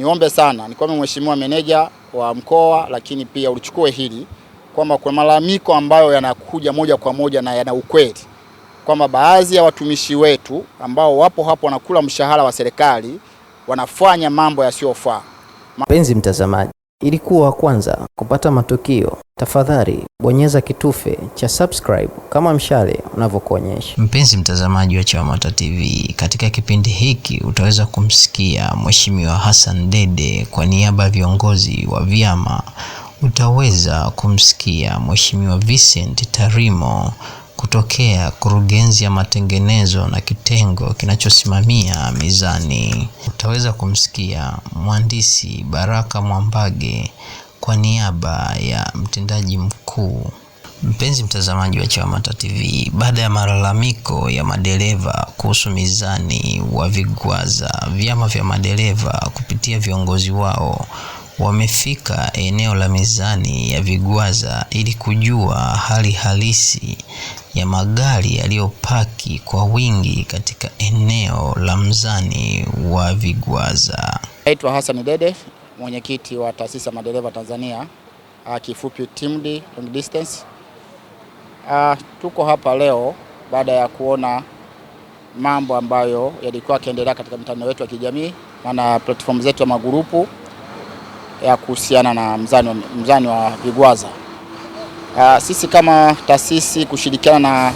niombe sana, nikwame mheshimiwa meneja wa mkoa, lakini pia ulichukue hili kwamba kuna malalamiko ambayo yanakuja moja kwa moja na yana ukweli kwamba baadhi ya watumishi wetu ambao wapo hapo wanakula mshahara wa serikali wanafanya mambo yasiyofaa. Mpenzi mtazamaji ili kuwa wa kwanza kupata matukio, tafadhali bonyeza kitufe cha subscribe kama mshale unavyokuonyesha. Mpenzi mtazamaji wa Chawamata TV, katika kipindi hiki utaweza kumsikia Mheshimiwa Hassan Dede kwa niaba ya viongozi wa vyama. Utaweza kumsikia Mheshimiwa Vincent Tarimo kutokea kurugenzi ya matengenezo na kitengo kinachosimamia mizani. Utaweza kumsikia mhandisi Baraka Mwambage kwa niaba ya mtendaji mkuu. Mpenzi mtazamaji wa Chawamata TV, baada ya malalamiko ya madereva kuhusu mizani wa vigwaza, vyama vya madereva kupitia viongozi wao wamefika eneo la mizani ya vigwaza ili kujua hali halisi ya magari yaliyopaki kwa wingi katika eneo la Mzani wa Vigwaza. Naitwa Hassan Dede, mwenyekiti wa taasisi ya madereva Tanzania, ah, kifupi TIMD long distance. Uh, tuko hapa leo baada ya kuona mambo ambayo yalikuwa yakiendelea katika mitandao yetu ya kijamii, na platform zetu ya magurupu ya kuhusiana na mzani, mzani wa Vigwaza. Ah, sisi kama taasisi kushirikiana na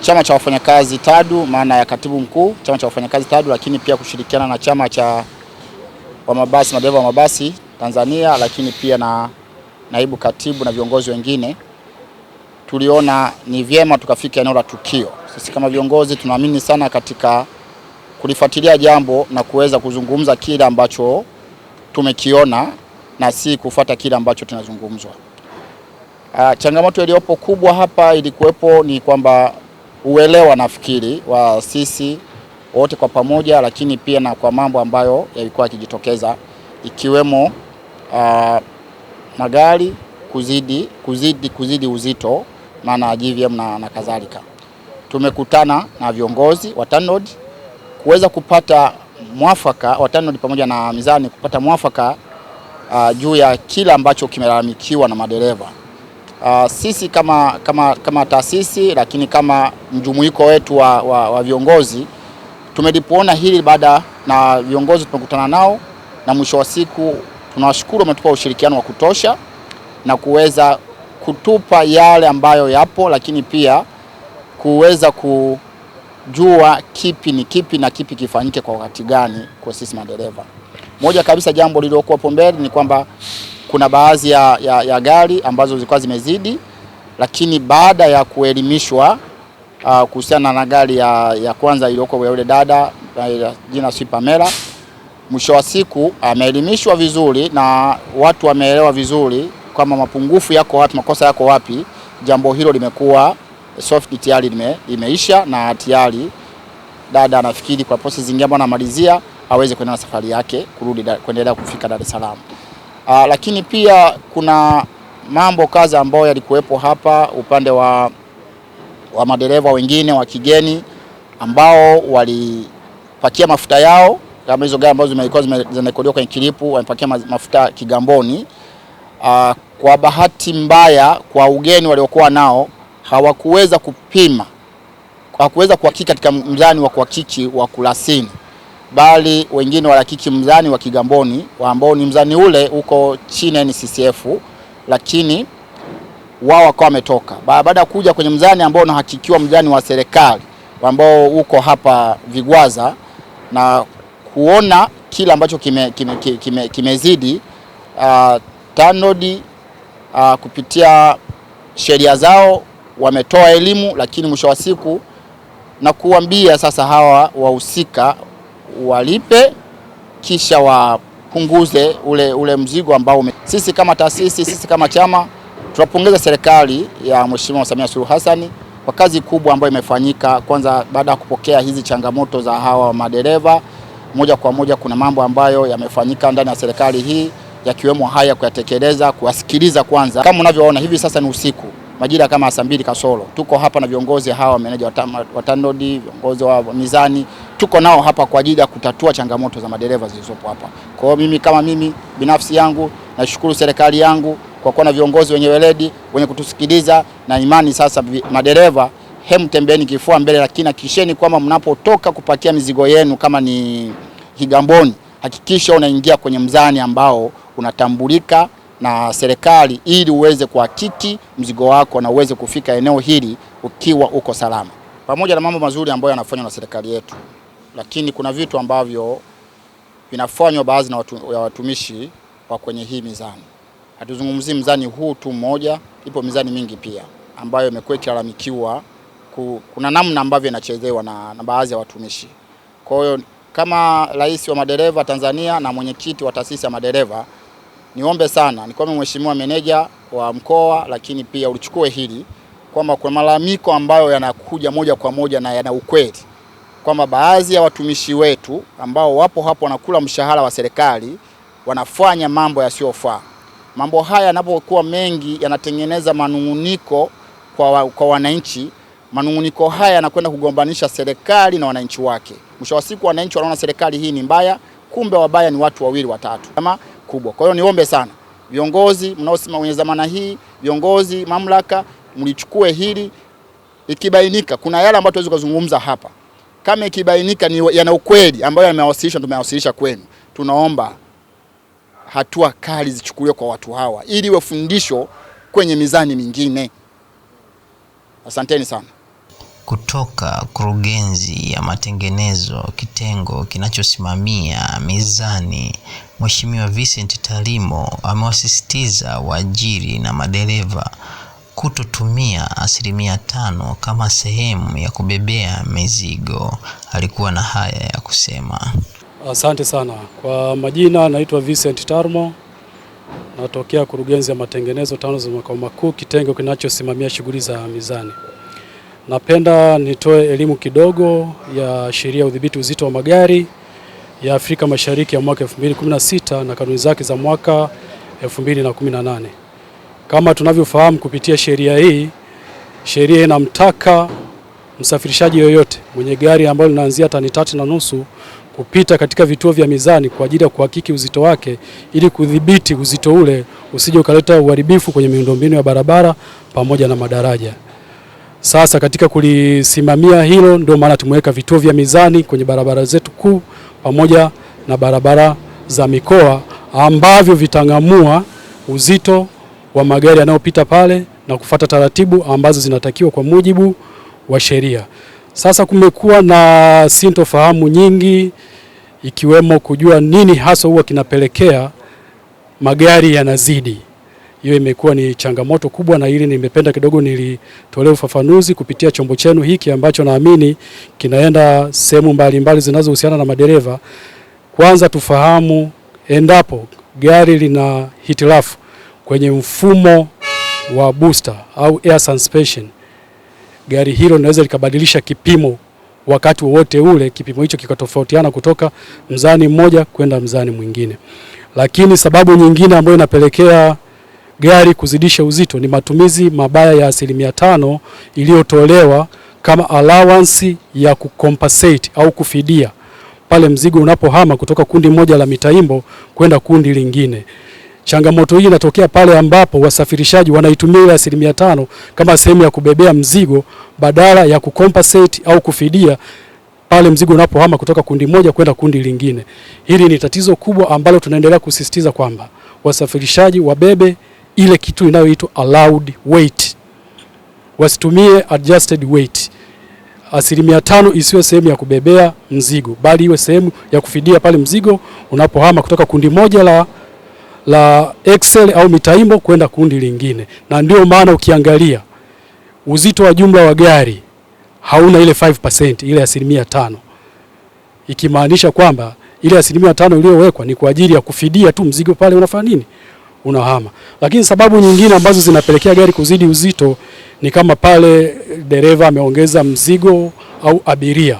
chama cha wafanyakazi TADU, maana ya katibu mkuu chama cha wafanyakazi TADU, lakini pia kushirikiana na chama cha wa mabasi madereva wa mabasi Tanzania, lakini pia na naibu katibu na viongozi wengine, tuliona ni vyema tukafika eneo la tukio. Sisi kama viongozi tunaamini sana katika kulifuatilia jambo na kuweza kuzungumza kile ambacho tumekiona na si kufata kile ambacho tunazungumzwa. Uh, changamoto iliyopo kubwa hapa ilikuwepo ni kwamba uelewa nafikiri wa sisi wote kwa pamoja, lakini pia na kwa mambo ambayo yalikuwa yakijitokeza ikiwemo uh, magari kuzidi, kuzidi, kuzidi uzito maana JVM na, na kadhalika. Tumekutana na viongozi wa TANROADS kuweza kupata mwafaka wa TANROADS pamoja na mizani kupata mwafaka uh, juu ya kila ambacho kimelalamikiwa na madereva. Uh, sisi kama, kama, kama taasisi lakini kama mjumuiko wetu wa, wa, wa viongozi tumelipoona hili baada na viongozi tumekutana nao na mwisho wa siku tunawashukuru, wametupa ushirikiano wa kutosha na kuweza kutupa yale ambayo yapo, lakini pia kuweza kujua kipi ni kipi na kipi kifanyike kwa wakati gani kwa sisi madereva. Moja kabisa jambo lililokuwa pombeni ni kwamba kuna baadhi ya, ya, ya gari ambazo zilikuwa zimezidi, lakini baada ya kuelimishwa uh, kuhusiana na gari ya, ya kwanza iliyoko ya yule dada uh, jina si Pamela, mwisho wa siku ameelimishwa vizuri na watu wameelewa vizuri kama mapungufu yako wapi, makosa yako wapi. Jambo hilo limekuwa soft tayari lime, limeisha na tayari dada anafikiri kwa posi zingine ambayo anamalizia aweze kuendelea na safari yake kurudi kuendelea kufika Dar es Salaam. Aa, ah, lakini pia kuna mambo kadha ambayo yalikuwepo hapa upande wa, wa madereva wengine wa kigeni ambao walipakia mafuta yao kama hizo gari ambazo zimekuwa zinarekodiwa kwenye kilipu, wamepakia mafuta Kigamboni. Aa, ah, kwa bahati mbaya kwa ugeni waliokuwa nao hawakuweza kupima, hawakuweza kuhakiki katika mzani wa kuhakiki wa kurasini bali wengine walakiki mzani wa Kigamboni ambao ni mzani ule uko chini ya NCCF, lakini wao wakawa wametoka baada ya kuja kwenye mzani ambao unahakikiwa mzani wa serikali ambao uko hapa Vigwaza na kuona kile ambacho kimezidi kime, kime, kime, kime uh, TANROADS uh, kupitia sheria zao wametoa elimu, lakini mwisho wa siku na kuambia sasa hawa wahusika walipe kisha wapunguze ule, ule mzigo ambao ume. Sisi kama taasisi, sisi kama chama tunapongeza serikali ya Mheshimiwa Samia Suluhu Hassan kwa kazi kubwa ambayo imefanyika. Kwanza baada ya kupokea hizi changamoto za hawa madereva, moja kwa moja kuna mambo ambayo yamefanyika ndani ya serikali hii yakiwemo haya kuyatekeleza, kuwasikiliza kwanza. Kama unavyoona hivi sasa ni usiku majira kama saa mbili kasoro tuko hapa na viongozi hawa, meneja wa TANROADS, viongozi wa mizani, tuko nao hapa kwa ajili ya kutatua changamoto za madereva zilizopo hapa. Kwa hiyo mimi kama mimi binafsi yangu nashukuru serikali yangu kwa kuwa na viongozi wenye weledi wenye kutusikiliza na imani. Sasa madereva, hemu tembeni kifua mbele, lakini hakikisheni kwamba mnapotoka kupakia mizigo yenu kama ni Kigamboni, hakikisha unaingia kwenye mzani ambao unatambulika na serikali ili uweze kuhakiki mzigo wako na uweze kufika eneo hili ukiwa uko salama, pamoja na mambo mazuri ambayo yanafanywa na serikali yetu, lakini kuna vitu ambavyo vinafanywa baadhi na watu, ya watumishi wa kwenye hii mizani. Hatuzungumzii mzani huu tu mmoja, ipo mizani mingi pia ambayo imekuwa ikilalamikiwa, kuna namna ambavyo inachezewa na, na baadhi ya watumishi. Kwa hiyo kama rais wa madereva Tanzania na mwenyekiti wa taasisi ya madereva niombe sana nikwame mheshimiwa meneja wa mkoa, lakini pia ulichukue hili kwamba kuna malalamiko ambayo yanakuja moja kwa moja na yana ukweli kwamba baadhi ya watumishi wetu ambao wapo hapo wanakula mshahara wa serikali wanafanya mambo yasiyofaa. Mambo haya yanapokuwa mengi yanatengeneza manunguniko kwa, wa, kwa wananchi. Manunguniko haya yanakwenda kugombanisha serikali na wananchi wake. Mwisho wa siku wananchi wanaona serikali hii ni mbaya, kumbe wabaya ni watu wawili watatu. Kama kubwa. Kwa hiyo niombe sana viongozi mnaosimama wenye zamana hii, viongozi mamlaka, mlichukue hili. Ikibainika kuna yale ambayo tuweza kuzungumza hapa, kama ikibainika ni yana ukweli ambayo yamewasilishwa, tumewasilisha kwenu, tunaomba hatua kali zichukuliwe kwa watu hawa ili iwe fundisho kwenye mizani mingine. Asanteni sana kutoka Kurugenzi ya Matengenezo Kitengo kinachosimamia mizani Mheshimiwa Vincent Tarimo amewasisitiza waajiri na madereva kutotumia asilimia tano kama sehemu ya kubebea mizigo. Alikuwa na haya ya kusema. Asante sana kwa majina, naitwa Vincent Tarimo, natokea Kurugenzi ya Matengenezo tano za makao makuu kitengo kinachosimamia shughuli za mizani. Napenda nitoe elimu kidogo ya sheria ya udhibiti uzito wa magari ya Afrika Mashariki ya mwaka 2016 na kanuni zake za mwaka 2018. Kama tunavyofahamu kupitia sheria hii, sheria inamtaka msafirishaji yoyote mwenye gari ambalo linaanzia tani tatu na nusu kupita katika vituo vya mizani kwa ajili ya kuhakiki uzito wake ili kudhibiti uzito ule usije ukaleta uharibifu kwenye miundombinu ya barabara pamoja na madaraja. Sasa katika kulisimamia hilo, ndio maana tumeweka vituo vya mizani kwenye barabara zetu kuu pamoja na barabara za mikoa ambavyo vitang'amua uzito wa magari yanayopita pale na kufata taratibu ambazo zinatakiwa kwa mujibu wa sheria. Sasa kumekuwa na sintofahamu nyingi ikiwemo kujua nini hasa huwa kinapelekea magari yanazidi hiyo imekuwa ni changamoto kubwa, na hili nimependa kidogo nilitolea ufafanuzi kupitia chombo chenu hiki ambacho naamini kinaenda sehemu mbalimbali zinazohusiana na madereva. Kwanza tufahamu, endapo gari lina hitilafu kwenye mfumo wa booster au air suspension, gari hilo linaweza likabadilisha kipimo wakati wowote ule, kipimo hicho kikatofautiana kutoka mzani mmoja kwenda mzani mwingine. Lakini sababu nyingine ambayo inapelekea gari kuzidisha uzito ni matumizi mabaya ya asilimia tano iliyotolewa kama allowance ya kucompensate au kufidia pale mzigo unapohama kutoka kundi moja la mitaimbo kwenda kundi lingine. Changamoto hii inatokea pale ambapo wasafirishaji wanaitumia ile asilimia tano kama sehemu ya kubebea mzigo badala ya kucompensate au kufidia pale mzigo unapohama kutoka kundi moja kwenda kundi lingine. Hili ni tatizo kubwa ambalo tunaendelea kusisitiza kwamba wasafirishaji wabebe ile kitu inayoitwa allowed weight, wasitumie adjusted weight. Asilimia tano isiyo sehemu ya kubebea mzigo, bali iwe sehemu ya kufidia pale mzigo unapohama kutoka kundi moja la, la excel au mitaimbo kwenda kundi lingine. Na ndio maana ukiangalia uzito wa jumla wa gari hauna ile 5% ile asilimia tano, ikimaanisha kwamba ile asilimia tano iliyowekwa ni kwa ajili ya kufidia tu mzigo pale unafanya nini unahama. Lakini sababu nyingine ambazo zinapelekea gari kuzidi uzito ni kama pale dereva ameongeza mzigo au abiria,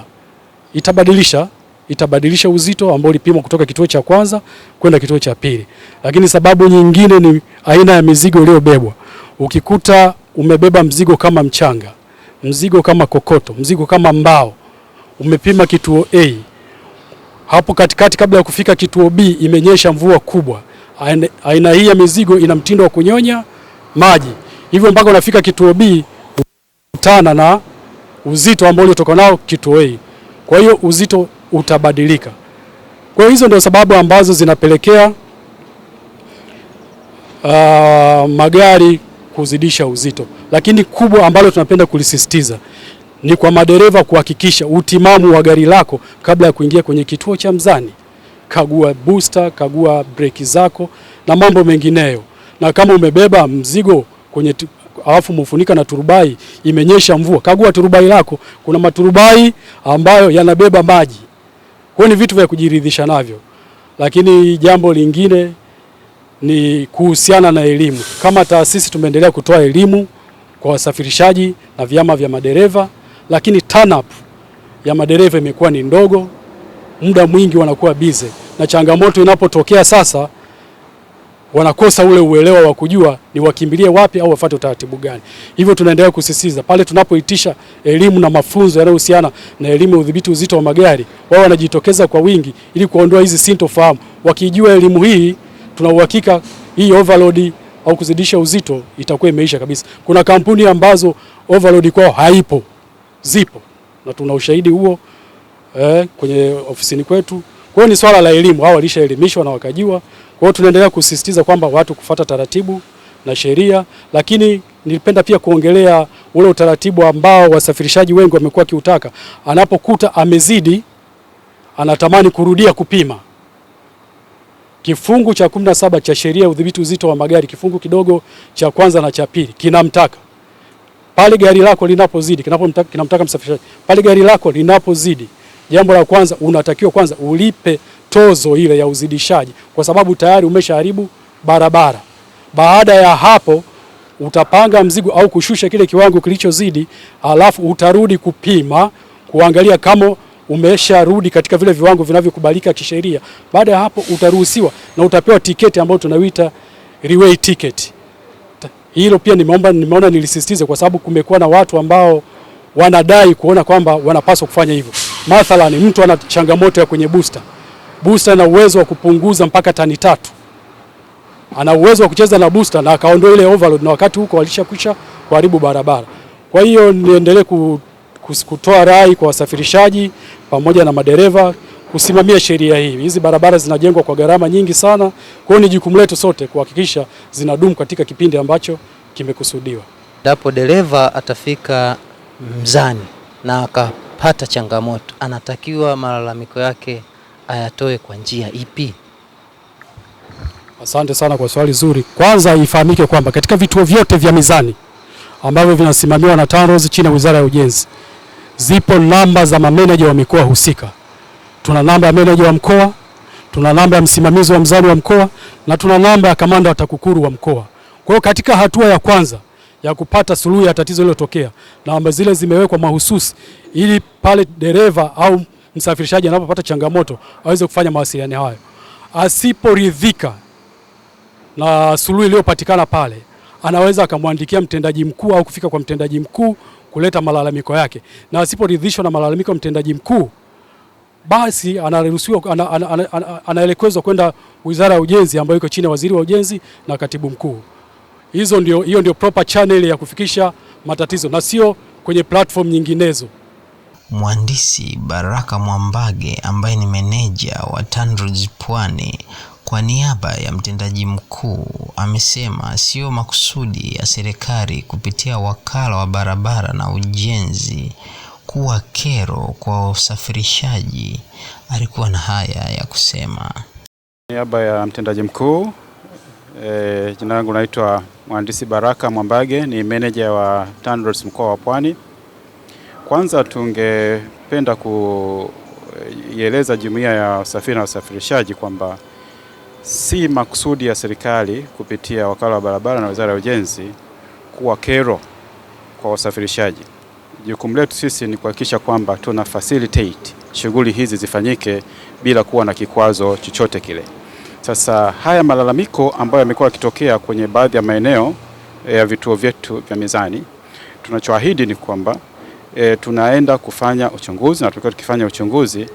itabadilisha itabadilisha uzito ambao ulipimwa kutoka kituo cha kwanza kwenda kituo cha pili. Lakini sababu nyingine ni aina ya mizigo iliyobebwa. Ukikuta umebeba mzigo kama mchanga, mzigo kama kokoto, mzigo kama mbao, umepima kituo A, hapo katikati, kabla ya kufika kituo B, imenyesha mvua kubwa aina hii ya mizigo ina mtindo wa kunyonya maji, hivyo mpaka unafika kituo B utana na uzito ambao uliotoka nao kituo A. Kwa hiyo uzito utabadilika. Kwa hiyo hizo ndio sababu ambazo zinapelekea uh, magari kuzidisha uzito, lakini kubwa ambalo tunapenda kulisisitiza ni kwa madereva kuhakikisha utimamu wa gari lako kabla ya kuingia kwenye kituo cha mzani kagua booster, kagua breki zako na mambo mengineyo. Na kama umebeba mzigo kwenye alafu mufunika na turubai, imenyesha mvua, kagua turubai lako. Kuna maturubai ambayo yanabeba maji, kwa ni vitu vya kujiridhisha navyo. Lakini jambo lingine ni kuhusiana na elimu. Kama taasisi tumeendelea kutoa elimu kwa wasafirishaji na vyama vya madereva, lakini TANAP ya madereva imekuwa ni ndogo muda mwingi wanakuwa bize, na changamoto inapotokea sasa wanakosa ule uelewa wa kujua ni wakimbilie wapi au wafuate utaratibu gani. Hivyo tunaendelea kusisitiza pale tunapoitisha elimu na mafunzo yanayohusiana na elimu ya udhibiti uzito wa magari, wao wanajitokeza kwa wingi ili kuondoa hizi sintofahamu. Wakijua elimu hii, tuna uhakika hii overload au kuzidisha uzito itakuwa imeisha kabisa. Kuna kampuni ambazo overload kwao haipo, zipo na tuna ushahidi huo eh, kwenye ofisini kwetu. Kwa hiyo ni swala la elimu, hao walishaelimishwa na wakajua. Kwa hiyo tunaendelea kusisitiza kwamba watu kufata taratibu na sheria, lakini nilipenda pia kuongelea ule utaratibu ambao wasafirishaji wengi wamekuwa wakiutaka, anapokuta amezidi anatamani kurudia kupima. Kifungu cha saba cha sheria ya udhibiti uzito wa magari kifungu kidogo cha kwanza na cha pili kinamtaka pale gari lako linapozidi kinapomtaka, kinamtaka msafirishaji pale gari lako linapozidi Jambo la kwanza, unatakiwa kwanza ulipe tozo ile ya uzidishaji, kwa sababu tayari umeshaharibu barabara. Baada ya hapo utapanga mzigo au kushusha kile kiwango kilichozidi, alafu utarudi kupima kuangalia kama umesharudi katika vile viwango vinavyokubalika kisheria. Baada ya hapo utaruhusiwa na utapewa tiketi ambayo tunaita Reway ticket. Hilo pia nimeomba, nimeona nilisisitize kwa sababu kumekuwa na watu ambao wanadai kuona kwamba wanapaswa kufanya hivyo. Mathalani, mtu ana changamoto ya kwenye booster, booster ana uwezo wa kupunguza mpaka tani tatu, ana uwezo wa kucheza na booster na akaondoa ile overload, na wakati huko walishakwisha kuharibu barabara. Kwa hiyo niendelee kutoa rai kwa wasafirishaji pamoja na madereva kusimamia sheria hii. Hizi barabara zinajengwa kwa gharama nyingi sana, kwa hiyo ni jukumu letu sote kuhakikisha zinadumu katika kipindi ambacho kimekusudiwa. Ndapo dereva atafika mzani na aka anapata changamoto, anatakiwa malalamiko yake ayatoe kwa njia ipi? Asante sana kwa swali zuri. Kwanza ifahamike kwamba katika vituo vyote vya mizani ambavyo vinasimamiwa na TANROADS chini ya Wizara ya Ujenzi, zipo namba za mameneja wa mikoa husika. Tuna namba ya meneja wa mkoa, tuna namba ya msimamizi wa mzani wa mkoa na tuna namba ya kamanda wa TAKUKURU wa mkoa. Kwa hiyo katika hatua ya kwanza ya kupata suluhu ya tatizo lilotokea, namba zile zimewekwa mahususi ili pale dereva au msafirishaji anapopata changamoto aweze kufanya mawasiliano hayo. Asiporidhika na suluhu iliyopatikana pale, anaweza akamwandikia mtendaji mkuu au kufika kwa mtendaji mkuu kuleta malalamiko yake, na asiporidhishwa na malalamiko ya mtendaji mkuu basi anaruhusiwa ana, ana, ana, ana, anaelekezwa kwenda Wizara ya Ujenzi ambayo iko chini ya Waziri wa Ujenzi na Katibu Mkuu hizo ndio, hiyo ndio proper channel ya kufikisha matatizo na sio kwenye platform nyinginezo. Mhandisi Baraka Mwambage ambaye ni meneja wa TANROADS Pwani kwa niaba ya mtendaji mkuu amesema sio makusudi ya serikali kupitia wakala wa barabara na ujenzi kuwa kero kwa usafirishaji. Alikuwa na haya ya kusema. Niaba ya mtendaji mkuu E, jina langu naitwa Mhandisi Baraka Mwambage, ni meneja wa TANROADS mkoa wa Pwani. Kwanza tungependa kuieleza jumuiya ya usafiri na usafirishaji kwamba si makusudi ya serikali kupitia wakala wa barabara na wizara ya ujenzi kuwa kero kwa wasafirishaji. Jukumu letu sisi ni kuhakikisha kwamba tuna facilitate shughuli hizi zifanyike bila kuwa na kikwazo chochote kile. Sasa haya malalamiko ambayo yamekuwa yakitokea kwenye baadhi ya maeneo eh, ya vituo vyetu vya mizani, tunachoahidi ni kwamba e, tunaenda kufanya uchunguzi na tulikuwa tukifanya uchunguzi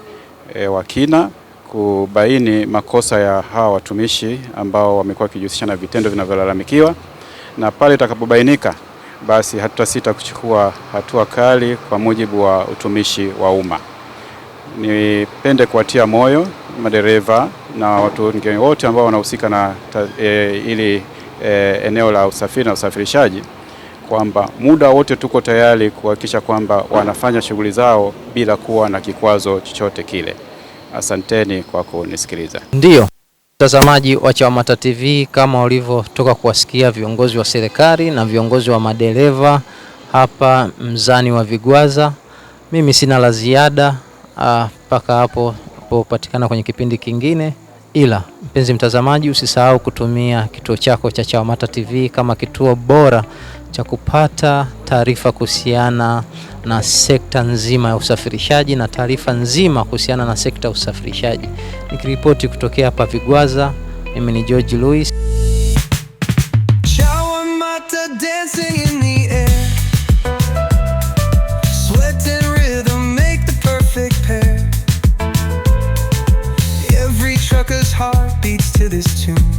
e, wa kina kubaini makosa ya hawa watumishi ambao wamekuwa wakijihusisha na vitendo vinavyolalamikiwa, na pale itakapobainika, basi hatutasita kuchukua hatua kali kwa mujibu wa utumishi wa umma. Nipende kuwatia moyo madereva na watu wengine wote ambao wanahusika na e, ili e, eneo la usafiri na usafirishaji kwamba muda wote tuko tayari kuhakikisha kwamba wanafanya shughuli zao bila kuwa na kikwazo chochote kile. Asanteni kwa kunisikiliza. Ndiyo mtazamaji wa CHAWAMATA TV, kama ulivyotoka kuwasikia viongozi wa serikali na viongozi wa madereva hapa mzani wa Vigwaza, mimi sina la ziada ah, mpaka hapo tutakapopatikana kwenye kipindi kingine. Ila mpenzi mtazamaji, usisahau kutumia kituo chako cha Chawamata TV kama kituo bora cha kupata taarifa kuhusiana na sekta nzima ya usafirishaji na taarifa nzima kuhusiana na sekta ya usafirishaji. Nikiripoti kutokea hapa Vigwaza, mimi ni George Louis. this tune.